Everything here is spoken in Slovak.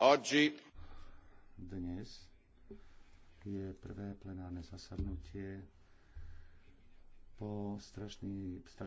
Oggi dnes je prvé plenárne zasadnutie po strašný, strašný